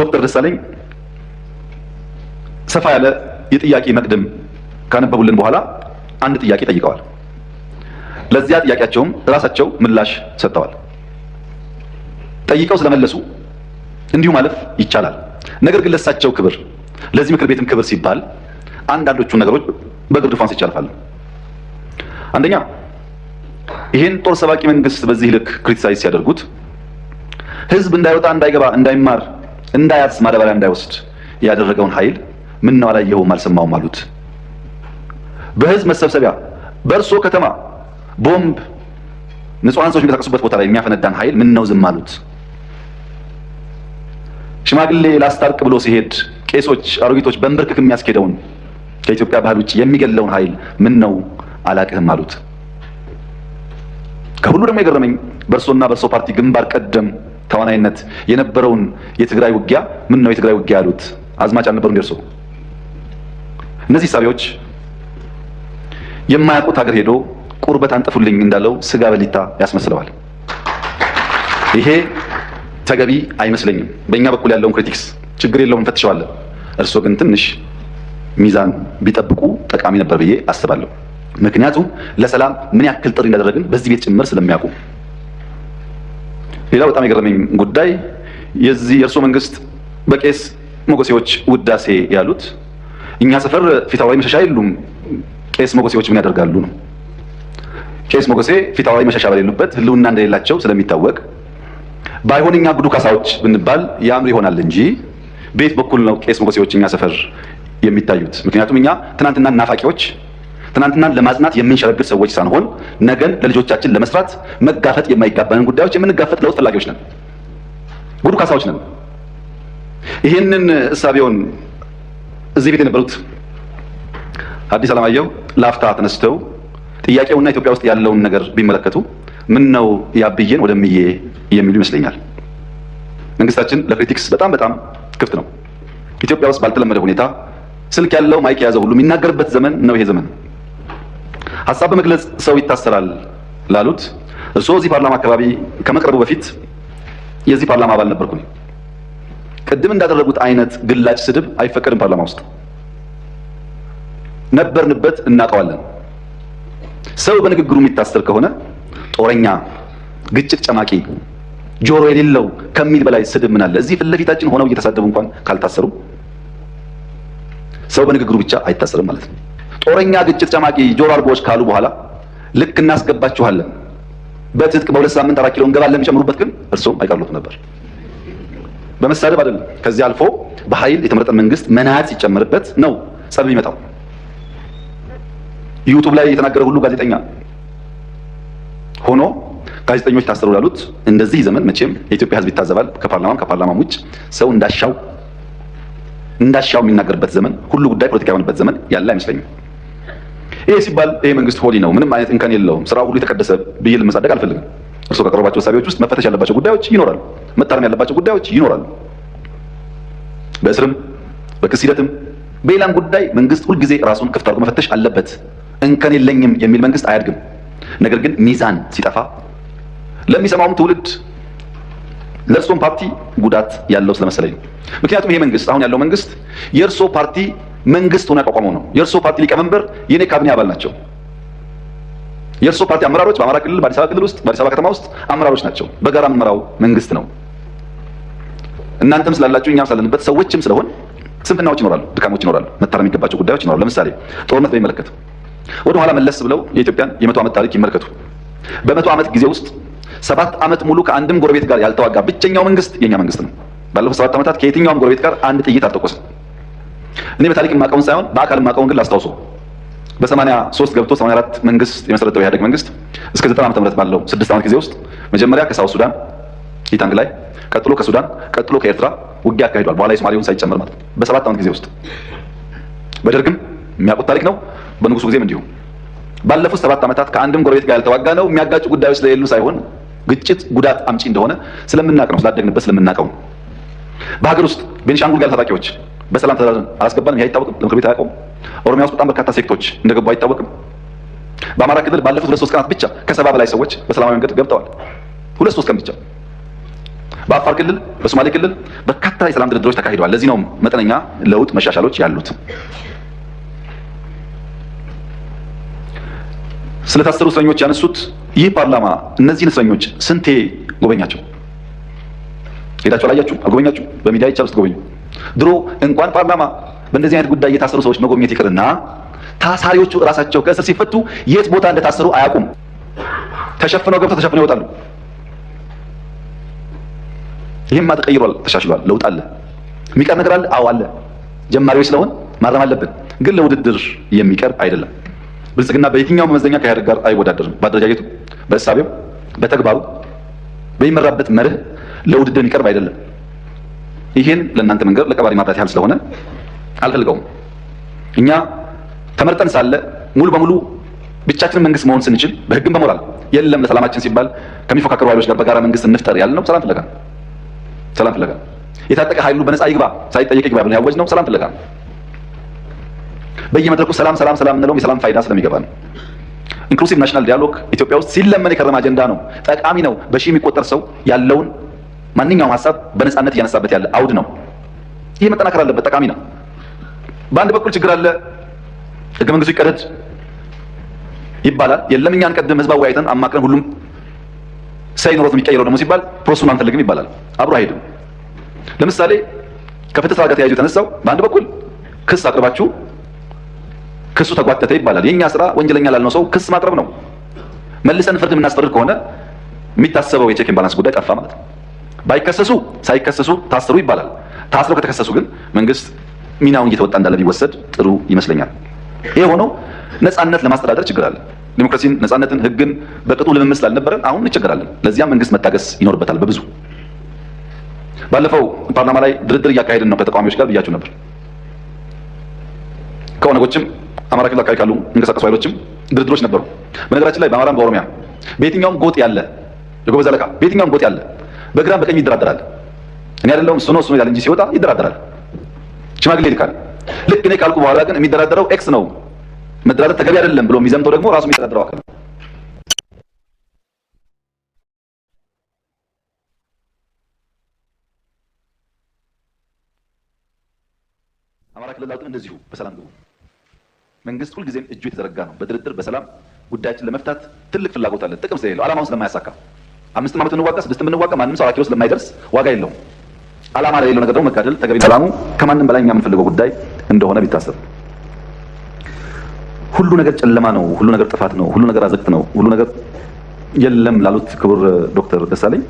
ዶክተር ደሳለኝ ሰፋ ያለ የጥያቄ መቅድም ካነበቡልን በኋላ አንድ ጥያቄ ጠይቀዋል። ለዚያ ጥያቄያቸውም ራሳቸው ምላሽ ሰጥተዋል። ጠይቀው ስለመለሱ እንዲሁ ማለፍ ይቻላል። ነገር ግን ለሳቸው ክብር፣ ለዚህ ምክር ቤትም ክብር ሲባል አንዳንዶቹ ነገሮች በግርድ ፋንስ ይቻልፋሉ። አንደኛ ይህን ጦር ሰባቂ መንግስት በዚህ ልክ ክሪቲሳይዝ ሲያደርጉት ህዝብ እንዳይወጣ እንዳይገባ እንዳይማር እንዳያርስ ማዳበሪያ እንዳይወስድ ያደረገውን ኃይል ምን ነው አላየኸውም አልሰማውም አሉት። በህዝብ መሰብሰቢያ በእርሶ ከተማ ቦምብ ንጹሃን ሰዎች የሚንቀሳቀሱበት ቦታ ላይ የሚያፈነዳን ኃይል ምን ነው ዝም አሉት። ሽማግሌ ላስታርቅ ብሎ ሲሄድ ቄሶች፣ አሮጊቶች በንብርክክ የሚያስኬደውን ከኢትዮጵያ ባህል ውጭ የሚገለውን ኃይል ምን ነው አላቅህም አሉት። ከሁሉ ደግሞ የገረመኝ በእርሶና በእርሶ ፓርቲ ግንባር ቀደም ተዋናይነት የነበረውን የትግራይ ውጊያ ምን ነው የትግራይ ውጊያ ያሉት አዝማጭ አልነበሩ እንደርሶ? እነዚህ ሳቢዎች የማያውቁት ሀገር ሄዶ ቁርበት አንጥፉልኝ እንዳለው ስጋ በሊታ ያስመስለዋል። ይሄ ተገቢ አይመስለኝም። በእኛ በኩል ያለውን ክሪቲክስ ችግር የለውም እንፈትሸዋለን። እርስዎ ግን ትንሽ ሚዛን ቢጠብቁ ጠቃሚ ነበር ብዬ አስባለሁ። ምክንያቱም ለሰላም ምን ያክል ጥሪ እንዳደረግን በዚህ ቤት ጭምር ስለሚያውቁ ሌላው በጣም የገረመኝ ጉዳይ የዚህ የእርሶ መንግስት በቄስ ሞጎሴዎች ውዳሴ ያሉት እኛ ሰፈር ፊታውራሪ መሸሻ የሉም፣ ቄስ ሞገሴዎች ምን ያደርጋሉ ነው። ቄስ ሞገሴ ፊታውራሪ መሸሻ በሌሉበት ህልውና እንደሌላቸው ስለሚታወቅ ባይሆን እኛ ጉዱ ካሳዎች ብንባል ያምር ይሆናል እንጂ በየት በኩል ነው ቄስ ሞጎሴዎች እኛ ሰፈር የሚታዩት? ምክንያቱም እኛ ትናንትና ናፋቂዎች ትናንትናን ለማጽናት የምንሸረግድ ሰዎች ሳንሆን ነገን ለልጆቻችን ለመስራት መጋፈጥ የማይጋባንን ጉዳዮች የምንጋፈጥ ለውጥ ፈላጊዎች ነን። ጉዱ ካሳዎች ነን። ይህንን እሳቤውን እዚህ ቤት የነበሩት ሐዲስ ዓለማየሁ ላፍታ ተነስተው ጥያቄውና ኢትዮጵያ ውስጥ ያለውን ነገር ቢመለከቱ ምን ነው ያብዬን ወደ ምዬ የሚሉ ይመስለኛል። መንግስታችን ለክሪቲክስ በጣም በጣም ክፍት ነው። ኢትዮጵያ ውስጥ ባልተለመደ ሁኔታ ስልክ ያለው ማይክ የያዘው ሁሉ የሚናገርበት ዘመን ነው ይሄ ዘመን። ሀሳብ በመግለጽ ሰው ይታሰራል ላሉት እሱ እዚህ ፓርላማ አካባቢ ከመቅረቡ በፊት የዚህ ፓርላማ አባል ነበርኩኝ። ቅድም እንዳደረጉት አይነት ግላጭ ስድብ አይፈቀድም ፓርላማ ውስጥ ነበርንበት፣ እናውቀዋለን። ሰው በንግግሩ የሚታሰር ከሆነ ጦረኛ፣ ግጭት ጨማቂ፣ ጆሮ የሌለው ከሚል በላይ ስድብ ምን አለ? እዚህ ፊት ለፊታችን ሆነው እየተሳደቡ እንኳን ካልታሰሩ ሰው በንግግሩ ብቻ አይታሰርም ማለት ነው። ጦረኛ፣ ግጭት ጨማቂ ጆሮ አልቦዎች ካሉ በኋላ ልክ እናስገባችኋለን በትጥቅ በሁለት ሳምንት አራት ኪሎ እንገባለን የሚጨምሩበት ግን እርስዎም አይቀርሉት ነበር። በመሳደብ አይደለም። ከዚህ አልፎ በኃይል የተመረጠ መንግስት መናት ሲጨመርበት ነው ጸብ የሚመጣው። ዩቱብ ላይ የተናገረ ሁሉ ጋዜጠኛ ሆኖ ጋዜጠኞች ታሰሩ ላሉት እንደዚህ ዘመን መቼም የኢትዮጵያ ሕዝብ ይታዘባል። ከፓርላማም ከፓርላማም ውጭ ሰው እንዳሻው እንዳሻው የሚናገርበት ዘመን ሁሉ ጉዳይ ፖለቲካ የሆነበት ዘመን ያለ አይመስለኝም። ይሄ ሲባል ይሄ መንግስት ሆሊ ነው፣ ምንም አይነት እንከን የለውም፣ ስራው ሁሉ የተቀደሰ ብዬ ልመጻደቅ አልፈልግም። እርሶ ካቀረቧቸው ሳቢዎች ውስጥ መፈተሽ ያለባቸው ጉዳዮች ይኖራሉ፣ መታረም ያለባቸው ጉዳዮች ይኖራሉ። በእስርም በክስ ሂደትም በሌላም ጉዳይ መንግስት ሁልጊዜ ራሱን ክፍት አድርጎ መፈተሽ አለበት። እንከን የለኝም የሚል መንግስት አያድግም። ነገር ግን ሚዛን ሲጠፋ ለሚሰማውም ትውልድ ለእርሶም ፓርቲ ጉዳት ያለው ስለመሰለኝ ነው። ምክንያቱም ይሄ መንግስት አሁን ያለው መንግስት የእርሶ ፓርቲ መንግስት ሆኖ ያቋቋመው ነው። የእርሶ ፓርቲ ሊቀመንበር የኔ ካቢኔ አባል ናቸው። የእርሶ ፓርቲ አመራሮች በአማራ ክልል፣ በአዲስ አበባ ክልል ውስጥ በአዲስ አበባ ከተማ ውስጥ አመራሮች ናቸው። በጋራ የምንመራው መንግስት ነው። እናንተም ስላላችሁ እኛም ስላለንበት ሰዎችም ስለሆን ስንፍናዎች ይኖራሉ፣ ድካሞች ይኖራሉ፣ መታረም የሚገባቸው ጉዳዮች ይኖራሉ። ለምሳሌ ጦርነት በሚመለከት ወደ ኋላ መለስ ብለው የኢትዮጵያን የመቶ ዓመት ታሪክ ይመለከቱ። በመቶ ዓመት ጊዜ ውስጥ ሰባት ዓመት ሙሉ ከአንድም ጎረቤት ጋር ያልተዋጋ ብቸኛው መንግስት የኛ መንግስት ነው። ባለፉት ሰባት ዓመታት ከየትኛውም ጎረቤት ጋር አንድ ጥይት አልተቆስም። እኔ በታሪክ የማውቀውን ሳይሆን በአካል የማውቀውን ግን ላስታውሶ በ83 ገብቶ 84 መንግስት የመሰረተው ኢህአዴግ መንግስት እስከ ዘጠና ዓመተ ምህረት ባለው ስድስት ዓመት ጊዜ ውስጥ መጀመሪያ ከሳውት ሱዳን ኢታንግ ላይ ቀጥሎ ከሱዳን ቀጥሎ ከኤርትራ ውጊያ አካሂዷል። በኋላ የሶማሌውን ሳይጨምር ማለት በሰባት ዓመት ጊዜ ውስጥ በደርግም የሚያውቁት ታሪክ ነው። በንጉሱ ጊዜም እንዲሁ ባለፉት ሰባት ዓመታት ከአንድም ጎረቤት ጋር ያልተዋጋ ነው። የሚያጋጩ ጉዳዮች ስለሌሉ ሳይሆን ግጭት ጉዳት አምጪ እንደሆነ ስለምናቅ ነው፣ ስላደግንበት ስለምናቀው። በሀገር ውስጥ ቤኒሻንጉል ጋር ታጣቂዎች በሰላም ተደራድረን አላስገባንም። ይህ አይታወቅም፣ ለምክር ቤት አያውቀውም። ኦሮሚያ ውስጥ በጣም በርካታ ሴክቶች እንደገቡ አይታወቅም። በአማራ ክልል ባለፉት ሁለት ሶስት ቀናት ብቻ ከሰባ በላይ ሰዎች በሰላማዊ መንገድ ገብተዋል። ሁለት ሶስት ቀን ብቻ። በአፋር ክልል፣ በሶማሌ ክልል በርካታ የሰላም ድርድሮች ተካሂደዋል። ለዚህ ነው መጠነኛ ለውጥ መሻሻሎች ያሉት። ስለታሰሩ እስረኞች ያነሱት ይህ ፓርላማ እነዚህን እስረኞች ስንቴ ጎበኛቸው? ሄዳችሁ አላያችሁ? አልጎበኛችሁ? በሚዲያ ይቻል ውስጥ ጎበኙ። ድሮ እንኳን ፓርላማ በእንደዚህ አይነት ጉዳይ እየታሰሩ ሰዎች መጎብኘት ይቅርና ታሳሪዎቹ እራሳቸው ከእስር ሲፈቱ የት ቦታ እንደታሰሩ አያውቁም። ተሸፍነው ገብተው ተሸፍነው ይወጣሉ። ይህማ ተቀይሯል፣ ተሻሽሏል፣ ለውጥ አለ። የሚቀር ነገር አለ? አዎ አለ። ጀማሪዎች ስለሆን ማረም አለብን፣ ግን ለውድድር የሚቀር አይደለም። ብልጽግና በየትኛው መመዘኛ ከኢህአዴግ ጋር አይወዳደርም። በአደረጃጀቱ፣ በእሳቤው፣ በተግባሩ፣ በሚመራበት መርህ ለውድድር የሚቀርብ አይደለም። ይህን ለእናንተ መንገር ለቀባሪ ማብራት ያህል ስለሆነ አልፈልገውም። እኛ ተመርጠን ሳለ ሙሉ በሙሉ ብቻችንን መንግስት መሆን ስንችል በህግም በሞራል የለም ለሰላማችን ሲባል ከሚፎካከሩ ኃይሎች ጋር በጋራ መንግስት እንፍጠር ያልነው ሰላም ፍለጋ ሰላም ፍለጋ የታጠቀ ኃይሉ በነፃ ይግባ ሳይጠየቅ ይግባ ብለን ያወጅነው ሰላም ፍለጋ በየመድረኩ ሰላም ሰላም ሰላም እንለውም የሰላም ፋይዳ ስለሚገባ ነው። ኢንክሉሲቭ ናሽናል ዲያሎግ ኢትዮጵያ ውስጥ ሲለመን የከረመ አጀንዳ ነው። ጠቃሚ ነው። በሺህ የሚቆጠር ሰው ያለውን ማንኛውም ሀሳብ በነፃነት እያነሳበት ያለ አውድ ነው። ይህ መጠናከር አለበት፣ ጠቃሚ ነው። በአንድ በኩል ችግር አለ። ህገ መንግስቱ ይቀደድ ይባላል። የለም እኛን ቀድም ህዝባዊ አይተን አማክረን ሁሉም ሳይኖሮት የሚቀይረው ደግሞ ሲባል ፕሮሰሱን አንፈልግም ይባላል። አብሮ አይሄድም። ለምሳሌ ከፍትህ ስራ ጋር ተያይዞ የተነሳው በአንድ በኩል ክስ አቅርባችሁ ክሱ ተጓተተ ይባላል። የእኛ ስራ ወንጀለኛ ላልነው ሰው ክስ ማቅረብ ነው። መልሰን ፍርድ የምናስፈርድ ከሆነ የሚታሰበው የቼክ ባላንስ ጉዳይ ጠፋ ማለት ነው። ባይከሰሱ ሳይከሰሱ ታስሩ ይባላል። ታስሮ ከተከሰሱ ግን መንግስት ሚናውን እየተወጣ እንዳለ ቢወሰድ ጥሩ ይመስለኛል። ይሄ ሆኖ ነጻነት ለማስተዳደር ችግር አለ። ዲሞክራሲን፣ ነጻነትን፣ ህግን በቅጡ ልምምድ ስላልነበረን አሁን እንቸገራለን። ለዚያም መንግስት መታገስ ይኖርበታል በብዙ ባለፈው ፓርላማ ላይ ድርድር እያካሄድን ነው ከተቃዋሚዎች ጋር ብያችሁ ነበር። ከኦነጎችም አማራ ክልል አካባቢ ካሉ እንቀሳቀሱ ኃይሎችም ድርድሮች ነበሩ። በነገራችን ላይ በአማራም በኦሮሚያ በየትኛውም ጎጥ ያለ የጎበዝ አለቃ በየትኛውም ጎጥ ያለ በግራም በቀኝ ይደራደራል። እኔ አይደለሁም እሱ ነው እሱ ይላል እንጂ ሲወጣ ይደራደራል። ሽማግሌ ይልካል። ልክ እኔ ካልኩ በኋላ ግን የሚደራደረው ኤክስ ነው። መደራደር ተገቢ አይደለም ብሎ የሚዘምተው ደግሞ ራሱ የሚደራደረው አካል አማራ ክልል አውጥን እንደዚሁ በሰላም ግቡ። መንግስት ሁልጊዜም እጁ የተዘረጋ ነው። በድርድር በሰላም ጉዳያችን ለመፍታት ትልቅ ፍላጎት አለን። ጥቅም ስለሌለው አላማውን ስለማያሳካ አምስት ዓመት እንዋጋ ስድስት ብንዋጋ ማንም ሰው አራኪ ለማይደርስ ዋጋ የለውም። ዓላማ ለሌለው ነገር ደግሞ መጋደል ተገቢ ሰላሙ ከማንም በላይ እኛ የምንፈልገው ጉዳይ እንደሆነ ቢታሰብ ሁሉ ነገር ጨለማ ነው፣ ሁሉ ነገር ጥፋት ነው፣ ሁሉ ነገር አዘቅት ነው፣ ሁሉ ነገር የለም ላሉት ክቡር ዶክተር ደሳለኝ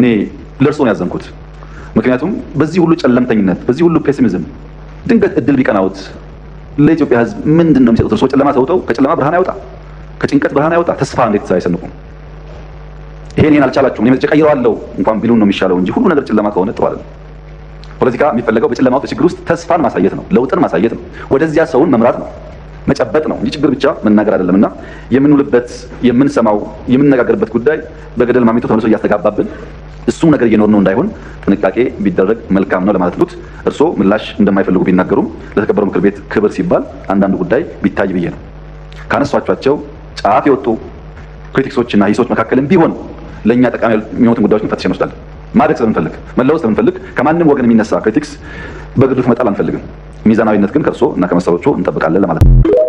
እኔ ለእርስዎ ነው ያዘንኩት። ምክንያቱም በዚህ ሁሉ ጨለምተኝነት፣ በዚህ ሁሉ ፔሲሚዝም ድንገት እድል ቢቀናውት ለኢትዮጵያ ሕዝብ ምንድን ነው የሚሰጡት? እርስዎ ጨለማ ተውጠው ከጨለማ ብርሃን ያወጣ ከጭንቀት ብርሃን ያወጣ ተስፋ እንዴት አይሰንቁም? ይሄን ይሄን አልቻላችሁም እኔ ቀይረዋለሁ እንኳን ቢሉን ነው የሚሻለው እንጂ ሁሉ ነገር ጨለማ ከሆነ ጥሩ አይደለም። ፖለቲካ የሚፈለገው በጨለማ ውስጥ ችግር ውስጥ ተስፋን ማሳየት ነው፣ ለውጥን ማሳየት ነው፣ ወደዚያ ሰውን መምራት ነው፣ መጨበጥ ነው እንጂ ችግር ብቻ መናገር አይደለም። እና የምንውልበት፣ የምንሰማው፣ የምንነጋገርበት ጉዳይ በገደል ማሚቶ ተመልሶ እያስተጋባብን እሱ ነገር እየኖር ነው እንዳይሆን ጥንቃቄ ቢደረግ መልካም ነው ለማለት ሉት እርስዎ ምላሽ እንደማይፈልጉ ቢናገሩም ለተከበረው ምክር ቤት ክብር ሲባል አንዳንድ ጉዳይ ቢታይ ብዬ ነው። ካነሷቸው ጫፍ የወጡ ክሪቲክሶችና ሂሶች መካከልም ቢሆን ለእኛ ጠቃሚ የሚሆኑትን ጉዳዮች መፈተሽ እንወስዳለን። ማድረግ ስለምንፈልግ መለወጥ ስለምንፈልግ ከማንም ወገን የሚነሳ ክሪቲክስ በግዱፍ መጣል አንፈልግም። ሚዛናዊነት ግን ከእርሶ እና ከመሰሎቹ እንጠብቃለን ለማለት ነው።